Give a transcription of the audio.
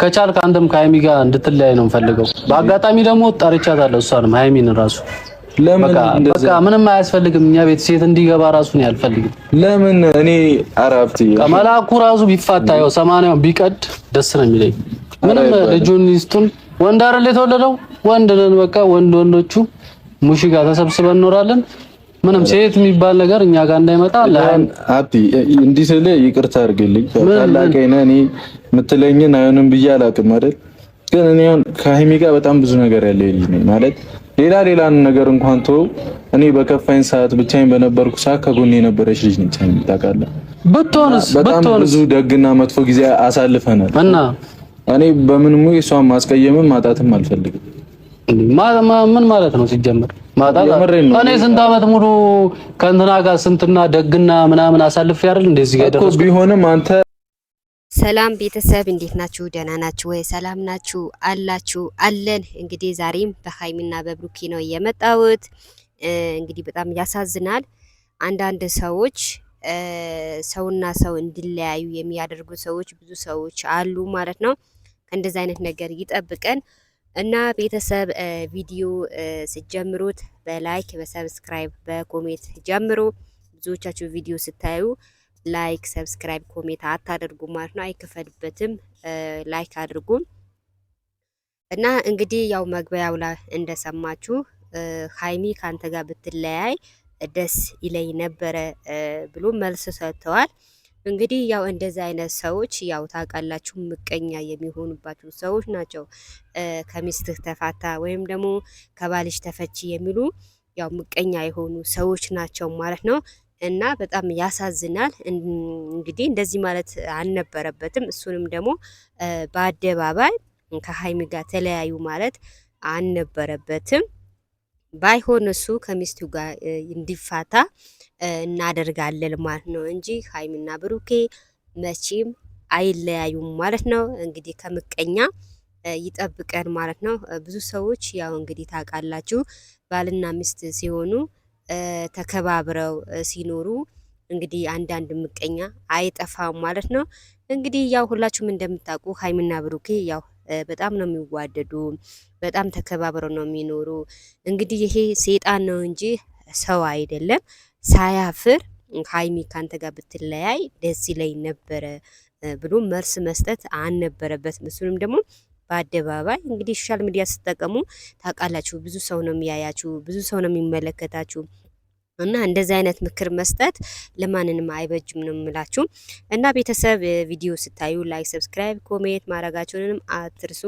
ከቻልክ አንተም ከሀይሚ ጋር እንድትለያይ ነው የምፈልገው። በአጋጣሚ ደግሞ ጠርቻታለሁ እሷንም ሀይሚን ራሱ በቃ ምንም አያስፈልግም። እኛ ቤት ሴት እንዲገባ ራሱ ነው ያልፈልግም። ለምን እኔ አራብቲ መላኩ ራሱ ቢፋታ ያው ሰማንያውን ቢቀድ ደስ ነው የሚለኝ። ምንም ልጁን ይስቱን ወንድ አይደል የተወለደው? ወንድ ነን። በቃ ወንድ ወንዶቹ ሙሺ ጋር ተሰብስበን እንኖራለን። ምንም ሴት የሚባል ነገር እኛ ጋር እንዳይመጣ አለ። አብቲ እንዲህ ስለ ይቅርታ አድርግልኝ ታላቀይና እኔ የምትለኝን አይሆንም ብዬ አላውቅም አይደል። ግን እኔ አሁን ከሀይሚ ጋር በጣም ብዙ ነገር ያለ ልጅ ነኝ ማለት ሌላ ሌላ ነገር እንኳን ተው። እኔ በከፋኝ ሰዓት ብቻዬን በነበርኩ ሰዓት ከጎን የነበረች ልጅ ነች። ታውቃለህ፣ ብትሆንስ በጣም ብዙ ደግና መጥፎ ጊዜ አሳልፈናል እና እኔ በምንም እሷን ማስቀየምም ማጣትም አልፈልግም። ምን ማለት ነው ሲጀምር እኔ ስንት አመት ሙሉ ከእንትና ጋር ስንትና ደግና ምናምን አሳልፍ ያርል እንደዚህ ጋር ቢሆንም አንተ ሰላም ቤተሰብ እንዴት ናችሁ? ደህና ናችሁ ወይ? ሰላም ናችሁ አላችሁ? አለን እንግዲህ ዛሬም በሀይሚና በብሩኪ ነው የመጣሁት። እንግዲህ በጣም ያሳዝናል። አንዳንድ ሰዎች ሰውና ሰው እንዲለያዩ የሚያደርጉ ሰዎች ብዙ ሰዎች አሉ ማለት ነው። ከእንደዚህ አይነት ነገር ይጠብቀን። እና ቤተሰብ ቪዲዮ ስጀምሩት በላይክ በሰብስክራይብ በኮሜንት ጀምሮ ብዙዎቻችሁ ቪዲዮ ስታዩ ላይክ ሰብስክራይብ ኮሜንት አታደርጉ ማለት ነው። አይከፈልበትም። ላይክ አድርጉ እና እንግዲህ ያው መግቢያው ላይ እንደሰማችሁ ሀይሚ ከአንተ ጋር ብትለያይ ደስ ይለኝ ነበረ ብሎ መልስ ሰጥተዋል። እንግዲህ ያው እንደዚህ አይነት ሰዎች ያው ታውቃላችሁ፣ ምቀኛ የሚሆኑባችሁ ሰዎች ናቸው። ከሚስትህ ተፋታ ወይም ደግሞ ከባልሽ ተፈቺ የሚሉ ያው ምቀኛ የሆኑ ሰዎች ናቸው ማለት ነው። እና በጣም ያሳዝናል። እንግዲህ እንደዚህ ማለት አልነበረበትም። እሱንም ደግሞ በአደባባይ ከሀይሚ ጋር ተለያዩ ማለት አልነበረበትም። ባይሆን እሱ ከሚስቱ ጋር እንዲፋታ እናደርጋለን ማለት ነው እንጂ ሀይሚና ብሩኬ መቼም አይለያዩም ማለት ነው። እንግዲህ ከምቀኛ ይጠብቀን ማለት ነው። ብዙ ሰዎች ያው እንግዲህ ታውቃላችሁ፣ ባልና ሚስት ሲሆኑ ተከባብረው ሲኖሩ እንግዲህ አንዳንድ ምቀኛ አይጠፋም ማለት ነው። እንግዲህ ያው ሁላችሁም እንደምታውቁ ሀይሚና ብሩኬ ያው በጣም ነው የሚዋደዱ፣ በጣም ተከባብረው ነው የሚኖሩ። እንግዲህ ይሄ ሴጣን ነው እንጂ ሰው አይደለም። ሳያፍር ሀይሚ ካንተ ጋር ብትለያይ ደስ ይለኝ ነበረ ብሎ መልስ መስጠት አልነበረበትም። ምስሉም ደግሞ በአደባባይ እንግዲህ ሶሻል ሚዲያ ስትጠቀሙ ታውቃላችሁ፣ ብዙ ሰው ነው የሚያያችሁ፣ ብዙ ሰው ነው የሚመለከታችሁ። እና እንደዚህ አይነት ምክር መስጠት ለማንንም አይበጅም ነው የምላችሁ። እና ቤተሰብ ቪዲዮ ስታዩ ላይክ፣ ሰብስክራይብ፣ ኮሜንት ማድረጋችሁንም አትርሱ።